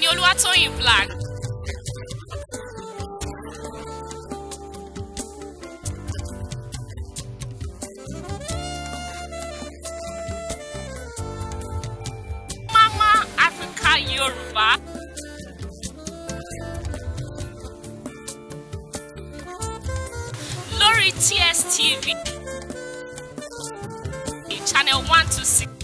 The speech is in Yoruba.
mi ni Olúwatóyìn Black. Mama Africa Yorùbá. lórí TSTV channel one to six.